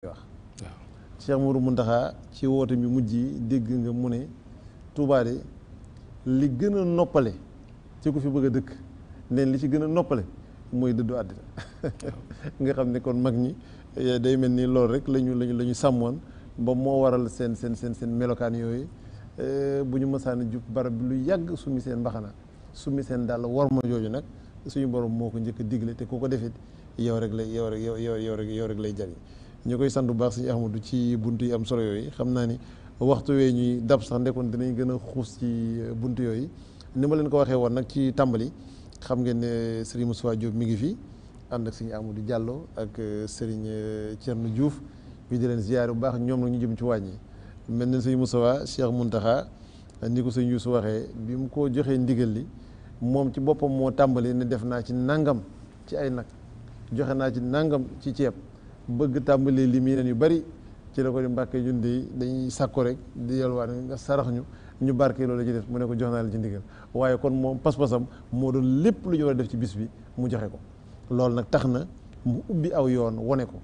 wax waaw Cheikh Mourou Mountakha ci woote mi mujj yi dégg nga mu ne Touba de li gën a noppale ci ku fi bëgg a dëkk neen li ci gën a noppale mooy dëddu àddina nga xam ne kon mag ñi eh, day mel ni loolu rek lañu lañu la ñu sàmmoon ba moo waral seen seen seen melokaan yooyu eh, bu ñu mësaan jub barab bi lu yàgg summi seen mbaxana summi seen dàll worma jooju nag suñu borom moo ko njëkk a digle te ku ko defit yow rek lay yow rek yow yow rek yow rek lay jariñ ñu koy sant bu baax sëñ Ahmadu ci bunt yi am solo yooyu xam naa ni waxtu wee ñuy dab sax ndekkoon danañ gën a xuus ci bunt yooyu ni ma leen ko waxee woon nag ci tàmbali xam ngeen ne Serigne Moussa Diop mi ngi fi ànd ak sëñ Amadou Diallo ak euh, Serigne euh, Thierno Diouf ñu di leen ziyaare bu baax ñoom nag ñu jëm ci wàññi mel na sëñ Moussa Cheikh Mountakha ni ko sëñ Youssou waxee bi mu ko joxee ndigal li moom ci boppam moo tàmbali ne def naa ci nangam ci ay nag joxe naa ci nangam ci ceeb bëgg tàmbali li mii yu bari ci la ko di mbàkke ñun de dañuy sàkku rek di yalwaan nga sarax ñu ñu barke loolu la ci def mu ne ko jox naa ci ndigal waaye kon moom pas-pasam moo lépp lu ñu war def ci bis bi mu joxe ko loolu nag tax na mu ubbi aw yoon wane ko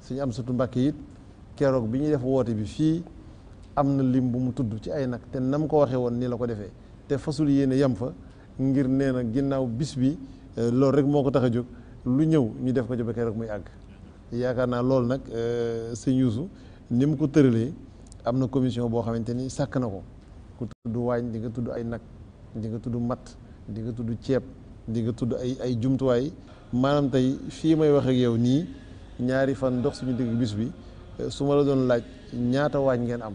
suñu am sutu mbàkke it keroog bi ñuy def woote bi fii am na lim bu mu tudd ci ay nag te nam ko waxee woon nii la ko defee te fasul yéene yem fa ngir nee na ginnaaw bis bi eh, loolu rek moo ko tax a jóg lu ñëw ñu def ko ci ba keroog muy àgg yaakaar naa loolu nag euh, sëñ Youssou ni mu ko tëralee am na commission boo xamante ni sàkk na ko ku tudd waañ di nga tudd ay nag di nga tudd matt di nga tudd ceeb di nga tudd ay ay jumtuwaay maanaam tey fii may wax ak nii ñaari fan ndox suñu digg bis bi euh, su ma la doon laaj ñaata waañ ngeen am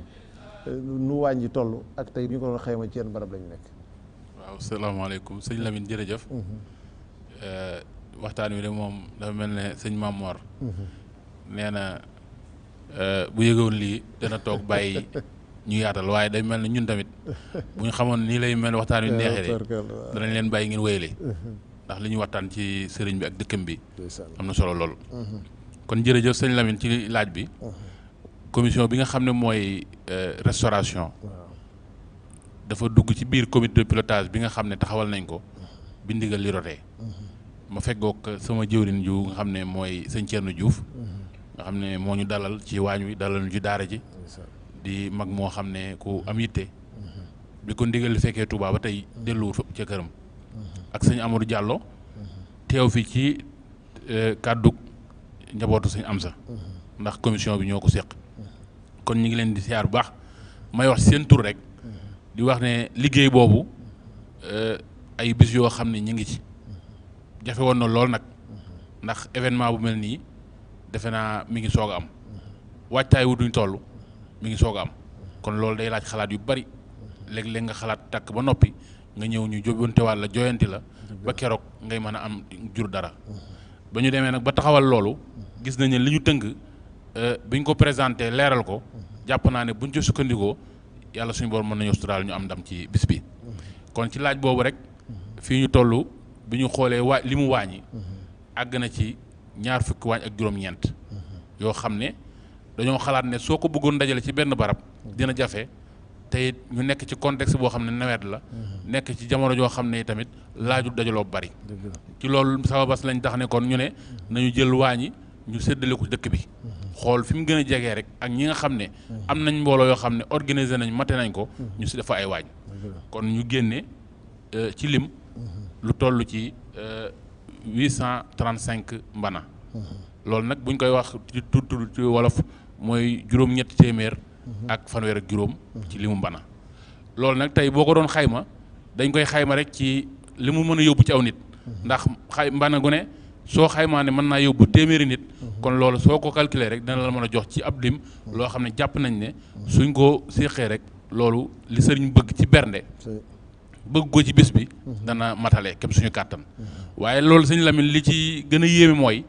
euh, nu waañ ji toll ak tey ñu ko doon ma ci yenn barab la nekk. waaw salaamaaleykum sëñ Lamine jërëjëf. Mhm. waxtaan wi de moom dafa mel ne sëñ Mamor. Mhm. nee na euh, bu yëgoon lii dana toog bàyyi ñu yaatal waaye day mel ne ñun tamit bu ñu xamoon nii lay mel waxtaan wi neexee de danañ leen bàyyi ngeen wéyale mhm. ndax li ñu waxtaan ci sëriñ bi ak dëkkam bi. am na solo lool. Mhm. kon jërëjëf sëñ Lamine ci laaj bi. commission bi nga xam ne mooy euh, restauration. dafa dugg ci biir comité de pilotage bi nga xam ne taxawal nañ ko. bi ndigal li rotee. ma feggoog sama jëwrin ju nga xam ne mooy sëñ Thierno Diouf nga xam ne moo ñu dalal ci waañ wi dalal ñu ci daara ji di mag moo xam ne ku am yitte bi ko ndigal fekkee Touba ba tey delluwut fëpp ca këram ak sëñ amaru Diallo teew fi ci euh, kàddu njabootu sëñ Amsa ndax commission bi ñoo ko seq kon ñu ngi leen di siyaar baax may wax seen tur rek di wax ne liggéey boobu euh, ay bis yoo xam ne ñu ngi ci jafe woon na lool nag ndax événement bu mel nii defe naa mi ngi soog a am waajtaay wu duñ toll mi ngi soog a am kon loolu day laaj xalaat yu bari léegi léeg nga xalaat takk ba noppi nga ñëw ñu jóbbantewaat la jooyanti la ba keroog ngay mën a am jur dara ba ñu demee nag ba taxawal loolu gis nañ ne li ñu tënk euh, bi ñu ko présenté leeral ko jàpp naa ne buñ ci sukkandikoo yàlla suñu borom mën nañu suturaal ñu am ndam ci bis bi kon ci laaj boobu rek fii bi ñu xoolee waa li mu wàññi. àgg na ci ñaar fukki waañ ak juróom-ñeent. yoo xam ne dañoo xalaat ne soo ko bëggoon dajale ci benn barab. dina jafe te ñu nekk ci contexte boo xam ne nawet la. nekk ci jamono joo xam ne tamit laajul dajaloo bari. ci loolu sababas lañ tax nekkoon ñu ne nañu jël waañ yi ñu séddale ko dëkk bi. xool fi mu gën a jegee rek ak ñi nga xam ne. am nañ mbooloo yoo xam ne organiser nañ mate nañ ko. Hmm. ñu si dafa ay waañ. kon ñu génne euh, ci lim. lu toll ci euh, huit cent trente cinq mbana. loolu nag bu koy wax ci tudd ci wolof mooy juróom-ñetti téeméer. ak fanweer ak juróom. ci limu mbana. loolu nag tey boo ko doon xayma dañ koy xayma rek ci li mu mën a yóbbu ci aw nit. ndax xay mbana gu ne soo xaymaa ne mën naa yóbbu téeméeri nit. kon loolu soo ko calculer rek dana la mën a jox ci ab lim. loo xam ne jàpp nañ ne suñ ko séexee rek loolu li sëriñ bëgg ci bernde. bëgg ko ci bis bi dana matale képp suñu kàttan waaye loolu sañu Lamine li ci gën yéeme mooy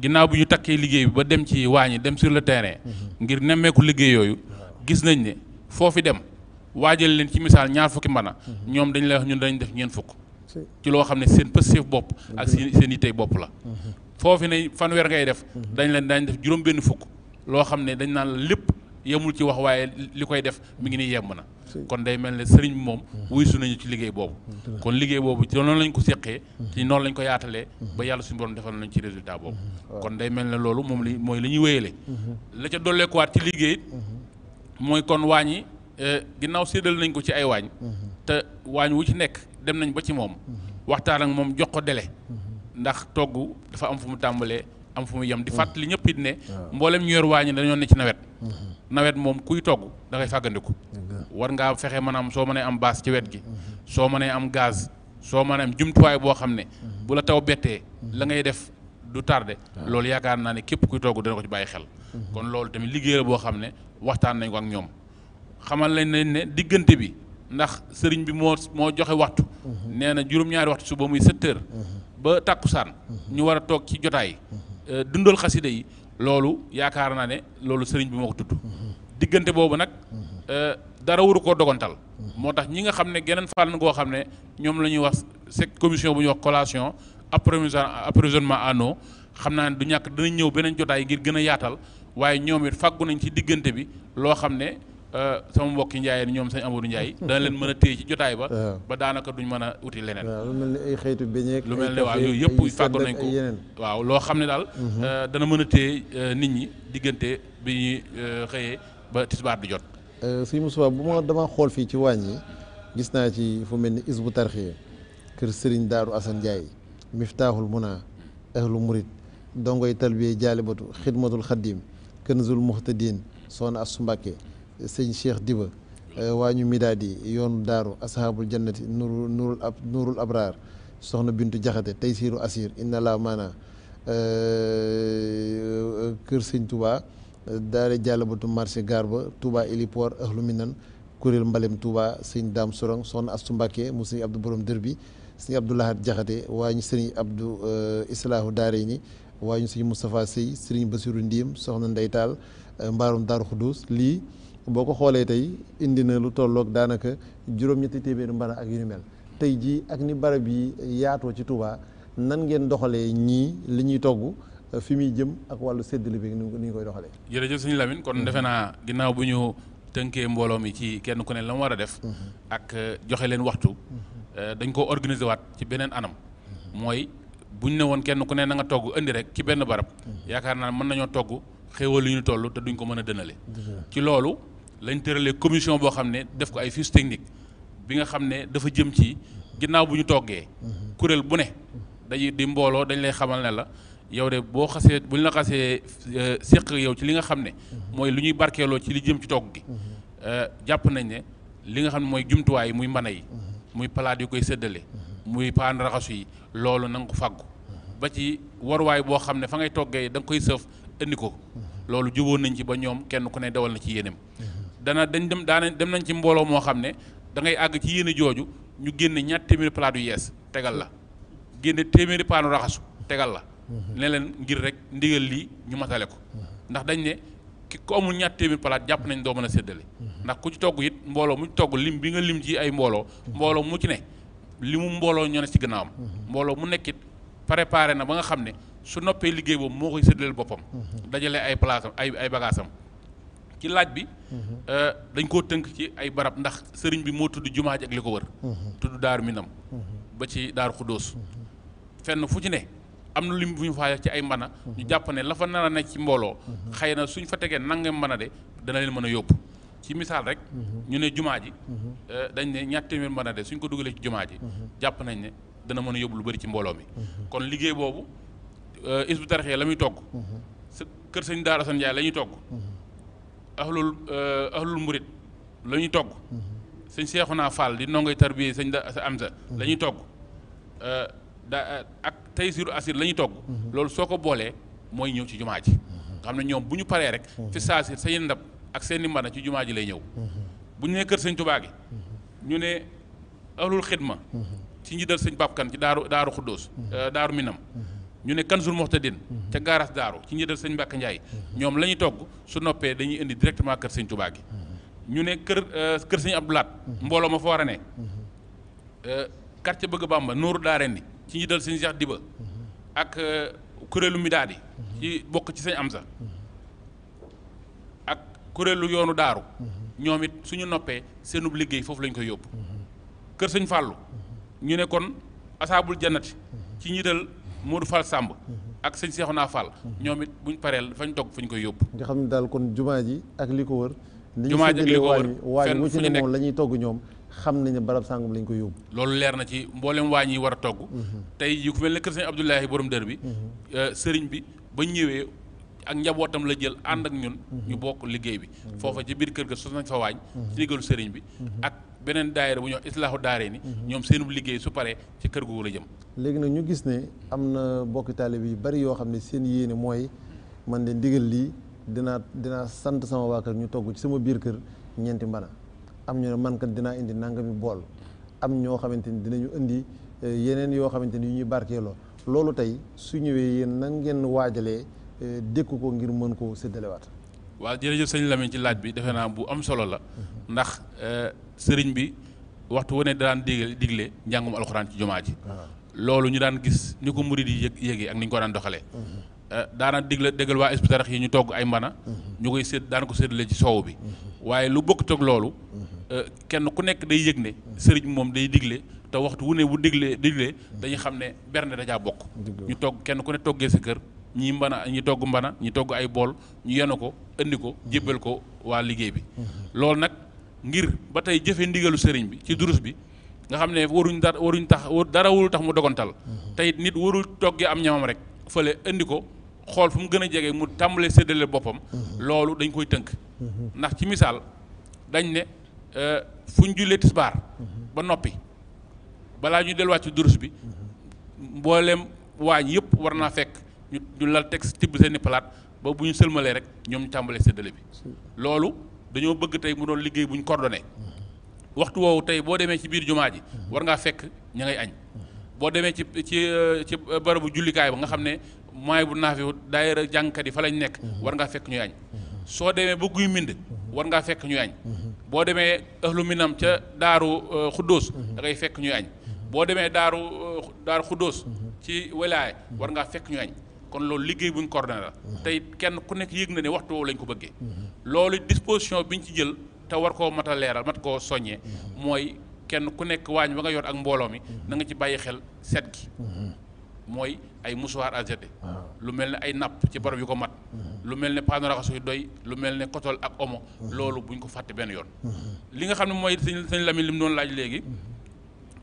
ginnaaw bi ñu takkee liggéey bi ba dem ci waañi dem sur le terrain ngir nemmeeku liggéey yooyu gis nañ ne foofi dem waajal leen ci misaal ñaar fukki mbana ñoom dañ lay wax ñun dañ def ñeent fukk ci loo xam ne seen pëstéef bopp ak seen seen yittey bopp la mhm. foofi ne fanweer ngay def mhm. dañ leen dañ def juróom benn fukk loo xam ne dañ naan lépp yemul ci wax waaye li koy def mu ngi ni yemb na kon day mel ne sëriñ bi moom wuy su nañu ci liggéey boobu mm-hmm. kon liggéey boobu ci noonu lañ ko séqee mm-hmm. ci noonu lañ ko yaatalee mm-hmm. ba yàlla suñu borom defal nañ ci résultat boobu kon day mel ne loolu moom li mooy li ñuy wéyale la ca dolleekuwaat ci liggéey mooy kon waañ yi eh, ginnaaw séddal nañ ko ci ay waañ te waañ wu ci nekk dem nañ ba ci moom waxtaan ak moom jox ko dele ndax togg dafa am fu mu tàmbalee am fu mu yem di fàttali ñëpp it ne mboolem ñu yor waañ yi dañoo ne ci nawet nawet moom kuy togg dangay ngay fàggandiku war ngaa fexe maanaam soo mënee am baas ci wet gi soo mënee am gaz soo mënee am jumtuwaay boo xam ne bu la taw bettee la ngay def du tardé loolu yaakaar naa ne képp kuy togg dana ko ci bàyyi xel mhm. kon loolu tamit liggéey boo xam ne waxtaan nañ ko ak ñoom xamal lañ leen ne diggante bi ndax sëriñ bi moo moo joxe waxtu mhm. nee na juróom-ñaari waxtu ba muy sept mhm. ba tàkkusaan ñu war a toog ci jotaay euh, dundal xasida yi loolu yaakaar naa ne loolu sëriñ bi moo ko tudd diggante boobu nag euh, dara waru koo dogantal moo tax ñi nga xam ne geneen fànn goo xam ne ñoom la ñuy wax sec commission bu ñuy wax collation approvisionnement en xam naa ne du ñàkk danañ ñëw beneen jotaay ngir gën a yaatal waaye ñoom it fàggu nañ ci diggante bi loo xam ne Euh, sama mbokki njaayeen ñoom sañ Amadou Ndiaye dana leen mën a téye ci jotaay ba ba daanaka duñ mën a uti leneen lu mel ni ay xeetu beñeek lu mel ne waaw yooyu yëpp fàggoon nañ ko waaw loo xam ne daal mhm. euh, dana mën a téye euh, nit ñi diggante bi xëyee ba tisbaar di jot suñu Moussa bu ma dama xool fii ci wàññi gis naa ci fu mel ni isbu tarxiya kër Serigne Daaru Assane Ndiaye miftaaxul muna ahlu murid dongoy talbiye jaalibatu xidmatul xaddim kënzul muhtadin soxna su Mbàkke sëñ Cheikh Diba euh, waa ñu midaadi yoonu daaru ashaabul jannati nuru nurul ab nurul abraar soxna bintu jaxate tey siiru asir inna laa maana euh, kër sëñ Touba daare jàllabatu marché gaar ba Touba héliport ahlu minan kuréel mbalem Touba sëñ Daam Sorong soxna Astu Mbàkke mu sëñ Abdou Borom dër bi sëñ Abdou Lahat jaxate waa ñu sëriñ Abdou euh, Islaahu daare ni waa ñu sëñ Moustapha Sëy sëriñ Basiru Ndiim soxna Ndeytaal mbaarum daaru Xudus lii boo ko xoolee tey indi na lu tolloog daanaka juróom-ñetti téeméeri mbana ak yu ni mel tey jii ak ni barab yi yaatoo ci Touba nan ngeen doxalee ñii li ñuy togg fi muy jëm ak wàllu séddale bi ni ñu koy doxalee. jërëjëf suñu Lamine kon defe naa ginnaaw bu ñu tënkee mbooloo mi ci kenn ku ne la mu war a def. Mhm. ak eh, joxe leen waxtu. Mhm. Eh, dañ ko organiser waat ci beneen anam. Mhm. mooy bu ñu ne woon kenn ku ne na nga togg indi rek ci benn barab. yaakaar naa mën nañoo togg xéewal yu ñu toll te duñ ko mën a dënale. lañ tëralee commission boo xam ne def ko ay fiches techniques bi nga xam ne dafa jëm ci ginnaaw bu ñu toggee kuréel bu ne dañuy di mbooloo dañu lay xamal ne la yow de boo xasee bu ñu la xasee euh, séq yow ci li nga xam ne mooy lu ñuy barkeeloo ci li jëm ci togg gi euh, jàpp nañ ne li nga xam ne mooy jumtuwaay yi muy mbana yi muy palaat yu koy séddale muy paan raxasu yi loolu na nga ko fàggu ba ci waruwaay boo xam ne fa ngay toggee da koy sëf indi ko loolu juboon nañ ci ba ñoom kenn ku ne dawal na ci yéenam dana dañ dem daana dem nañ ci mbooloo moo xam ne da ngay àgg ci yéen jooju ñu génne ñaar téeméeri palaat yu yees tegal la génne téeméeri paanu raxasu tegal la mhm. ne leen ngir rek ndigal lii ñu matale ko mhm. ndax dañ ne ki ko amul ñaar téeméeri palaat jàpp nañ doo mën a séddale mhm. ndax ku ci togg it mbooloo mu ci togg lim bi nga lim ci ay mbooloo mbooloo mu ci ne li mu mbooloo ñoo ne ci gannaawam mbooloo mu nekkit préparé na ba nga xam ne su noppee liggéey boobu moo koy séddale boppam dajale ay palaasam ay ay bagaasam ci laaj bi. Euh, dañ koo tënk ci ay barab ndax sëriñ bi moo tudd jumaa ji ak li ko wër. tudd daaru minam ba ci daaru xuddoos. fenn fu ci ne am na lim bu ñu faa ci ay mbana. ñu jàpp ne la fa nar a ci mbooloo. xëy na suñ fa tegee nangam mbana de dana leen mën a yóbbu. ci misaal rek ñu ne jumaa ji euh, dañ ne ñaar téeméer mbana de suñ ko dugalee ci jumaa ji jàpp nañ ne dana mën a yóbbu lu bëri ci mbooloo mi kon liggéey boobu euh, isbu tarixee la muy togg kër sëñ Daara Assane Ndiaye la ñuy togg ahlul euh, ahlul murit la ñuy togg sëñ naa Fall di ndongoy tarbiye sañ da sa Amsa la ñuy togg euh, daa ak tey siru asir la togg loolu soo ko boolee mooy ñëw ci jumaa ji nga xam ne ñoom bu ñu paree rek sa saasir seen ndab ak seen mbana ci jumaa ji lay ñëw bu ñu nee kër sëñ Tubaa gi ñu ne ahlul xidma ci njiital sëñ Babkan ci daaru daaru xuddoos euh, daaru minam ñu ne Kanzul Moxtadin ca gaaras daaru ci njëtal sëñ Mbàkke Njaay ñoom la ñuy togg su noppee dañuy indi directement kër sëñ Tubaa ñu ne kër euh, kër sëñ Abdu Laat mbooloo ma fa war a ne euh, quartier bëgg Bàmba nooru daaren ni ci njëtal sëñ Seex Diba ak euh, kuréelu Midaadi ci bokk ci sañ am Amsa ak kuréelu yoonu daaru ñoom it suñu noppee seenub liggéey foofu lañ koy yóbbu kër sëñ Fàllu ñu ne kon asaabul jannati ci njiital Modou Fall sàmb ak sëñ naa fal ñoom it buñ pareel fañ togg fuñ koy yóbbu. nga xam ne daal kon jumaa ji ak li ko wër. jumaa ji ak li ko wër fenn fu ñu nekk moom la ñuy togg ñoom. xam nañ ne barab sàngam lañ koy yóbbu. loolu leer na ci mbooleem waañ yi war a togg. Mhm. tey yu ku mel ne kër sëñ Abdoulahi borom dër bi. Mhm. Euh, sëriñ bi ba ñu ñëwee ak njabootam la jël ànd ak ñun. Mhm. ñu bokk liggéey bi. foofa ci biir kër ga sos nañ fa waañ. ci ndigalu sëriñ bi beneen daayira bu ñuy wax islaahu daare ni mhm. ñoom seenub liggéey su paree ci kër gu googu a jëm léegi nag ñu gis ne am na bokki taalibe yu bari yoo xam ne seen yéene mooy man de ndigal lii dinaa dinaa sant sama waa kër ñu togg ci sama biir kër ñeenti mbana am ñu ne man kat dinaa indi nangami bool am ñoo xamante ni dinañu indi eh, yeneen yoo xamante ni yu ñuy barkeeloo loolu tey su ñëwee yéen nan ngeen waajalee eh, dékku ko ngir mën koo séddalewaat waaw jërëjëf sëñ Lamine ci laaj bi defe naa bu am solo la ndax euh, sëriñ bi waxtu wu ne daan digle digle njàngum alxuraan ci jumaa ji ah. loolu ñu daan gis ñu ko murid yi yëg yëg ak ni ñu ko daan doxalee mm-hmm. euh, daana digle déggal waa ispitarax yi ñu togg ay mbana mm-hmm. ñu koy sédd daan ko séddale ci soow bi mm-hmm. waaye lu bokk toog loolu euh, kenn ku nekk day yëg ne sëriñ moom day digle te waxtu wu ne bu diglee diglee dañuy xam ne berne dajaa bokk ñu togg kenn ku ne toggee sa kër ñi mbana ñi togg mbana ñi togg ay bool ñu yenu ko indi ko jébbal ko waa liggéey bi loolu nag ngir ba tey jëfe ndigalu sëriñ bi ci durus bi nga xam ne waruñ dara waruñ tax dara warul tax mu dogantal tey nit warul toggee am ñamam rek fële indi ko xool fu mu gën a jege mu tàmbalee séddale boppam loolu dañ koy tënk ndax ci misaal dañ ne euh, fu ñu jullee tisbaar ba noppi balaa ñu delluwaat ci durus bi mbooleem waañ yëpp war naa fekk ñu ñu lal teg tibb seeni palaat ba bu ñu sëlmalee rek ñoom ñu tàmbalee séddale bi loolu dañoo bëgg tey mu doon liggéey bu ñu coordonné waxtu woowu tey boo demee ci biir jumaa ji war ngaa fekk ña añ boo demee ci ci ci barabu jullikaay ba nga xam ne mooy bu naafi daayira jàngkat yi fa lañ nekk war ngaa fekk ñuy añ soo demee ba guy mbind war ngaa fekk ñuy añ boo demee ahlu minam ca daaru euh, xuddoos da fekk ñuy añ boo demee daaru euh, daaru xuddoos ci wilaaya war ngaa fekk ñuy añ kon loolu liggéey buñ coordonné la mhm. tey kenn ku nekk yëg na ne waxtu woowu lañ ko bëggee mhm. loolu disposition ñu ci jël te war koo mat a leeral mat koo soññee mhm. mooy kenn ku nekk waañ ba nga yor ak mbooloo mi na nga ci bàyyi xel set gi mooy ay mouchoir à jeter ah. lu mel ne ay napp ci barab yu ko mat lu mel ne panneau raxasu yu doy lu mel ne kotol ak omo loolu buñ ko fàtte benn yoon li nga xam ne mooy sëñ sëñ Lamine li mu doon laaj léegi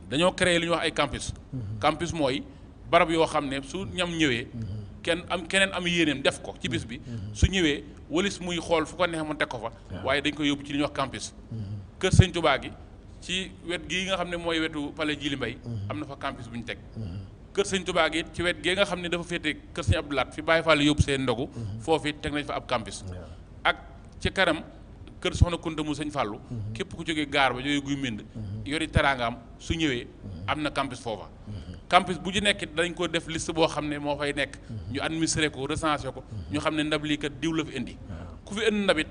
dañoo créer lu ñuy wax ay campus campus mooy barab yoo xam ne su ñam ñëwee kenn am keneen am yéeneem def ko ci bis bi mm-hmm. su ñëwee walis muy xool fu ko neex mu teg ko fa waaye dañ koy yóbbu ci li ñu wax campus mm-hmm. kër sañ tubaa gi ci wet gii nga xam ne mooy wetu palais Djily Mbaye mm-hmm. am na fa campus bu ñu teg kër sëñ Tuubaa gi ci wet gee nga xam ne dafa féete kër sëñ Abdou Lahat fi Baye Fall yóbbu seen ndogu foofu teg nañ fa ab campus ak ci kanam kër soxna Kunta mu sëñ Fallou képp ku jógee gaar ba jógee guy mbind yori teraangaam su ñëwee am na campus foofa campus bu ci nekk danañ ko def liste boo xam ne moo fay nekk ñu administré ko recensé ko ñu xam ne ndab lii kat diw la fi indi ku fi indi ndabit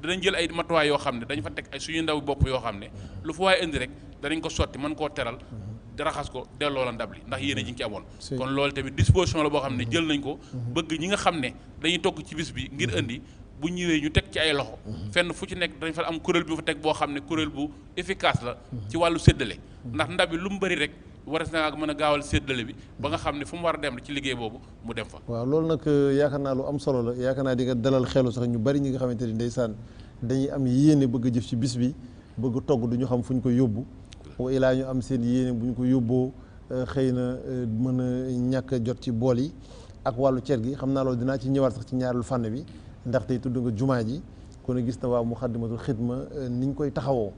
danañ jël ay matuwaay yoo xam ne dañ fa teg ay suñu ndaw bopp yoo xam ne lu fa waaye indi rek danañ ko sotti mën koo teral mm-hmm. raxas ko delloo la ndab li ndax yéen a ji ci amoon kon loolu tamit disposition la boo xam ne mm-hmm. jël nañ ko mm-hmm. bëgg ñi nga xam ne dañu togg ci bis bi ngir indi bu ñëwee ñu teg ci ay loxo fenn fu ci nekk dañ fa am kuréel bi fa teg boo xam ne kuréel bu efficace la ci wàllu séddale ndax ndab yi lu mu bëri rek waras na ak mën a gaawal séddale bi ba nga xam ne fu mu war a dem ci liggéey boobu mu dem fa waaw loolu nag euh, yaakaar naa lu am solo la yaakaar naa di nga dalal xelu sax ñu bari ñi nga xamante ni ndeysaan dañuy am yéene bëgg a jëf ci bi bëgg togg du ñu xam fu ñu ko yóbbu ilaa ñu am seen yéene bu ñu ko yóbboo euh, xëy na euh, mën a ñàkk jot ci bool yi ak wàllu cer gi xam naa loolu dinaa ci ñëwaat sax ci ñaareelu fànn bi ndaxte tudd nga jumaa ji kon gis na waa Muxaddamatul Xidma niñ koy taxawoo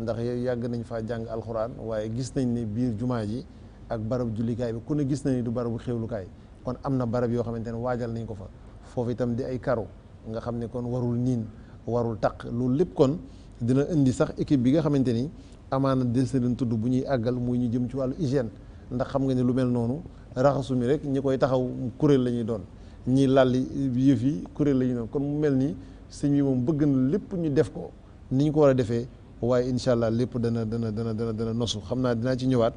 ndax yow yàgg nañ fa jàng alxuraan waaye gis nañ ne biir jumaa ji ak barab jullikaay bi ku ne gis nañ ni du barabu xéewlukaay kon am na barab yoo xamante ne waajal nañ ko fa foofu itam di ay karo nga xam ne kon warul niin warul taq loolu lépp kon dina indi sax équipe bi nga xamante ni amaana des na leen tudd bu ñuy àggal muy ñu jëm ci wàllu hygiène ndax xam nga ne lu mel noonu raxasu mi rek ñi koy taxaw kuréel la ñuy doon ñi lalli yëf yi kuréel la ñuy doon kon mu mel ni sëñ bi bëgg na lépp ñu def ko ni ñu ko war a defee waaye incha allah lépp dana dana dana dana dana nosu xam naa dinaa ci ñëwaat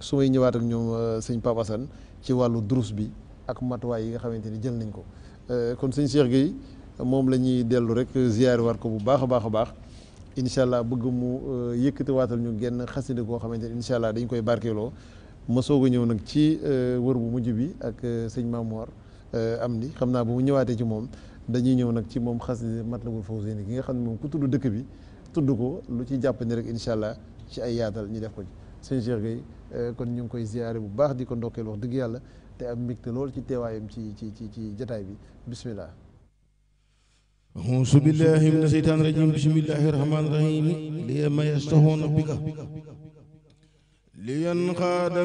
su may ñëwaat ak ñoom euh, sëñ Pape ci wàllu durus bi ak matuwaay yi nga xamante ni jël nañ ko euh, kon sëñ Cheikh Gueye moom la ñuy dellu rek ziyaare waat ko bu baax a baax a baax incha allah bëgg mu euh, yëkkatiwaatal ñu genn xasida koo xamante ni incha allah dañ koy barkeeloo ma soog a ñëw nag ci wër bu mujj bi ak sëñ Mamour am ni xam naa bu mu ñëwaatee ci moom dañuy ñëw nag ci moom xasida Matlabul Fawzayni ki nga xam ne moom ku tudd dëkk bi tudd ko lu ci jàpp ni rek incha ci ay yaatal ñu def ko ci sëñ Cheikh euh, kon ñu ngi koy ziyaare bu baax di ko ndokkeel wax dëgg yàlla te am mbégte lool ci teewaayam ci ci ci ci jataay bi bismillah auzu billahi mina sheytaani rajim bismillahi rahmaani rahim li ma yastahoona bika li yanqaada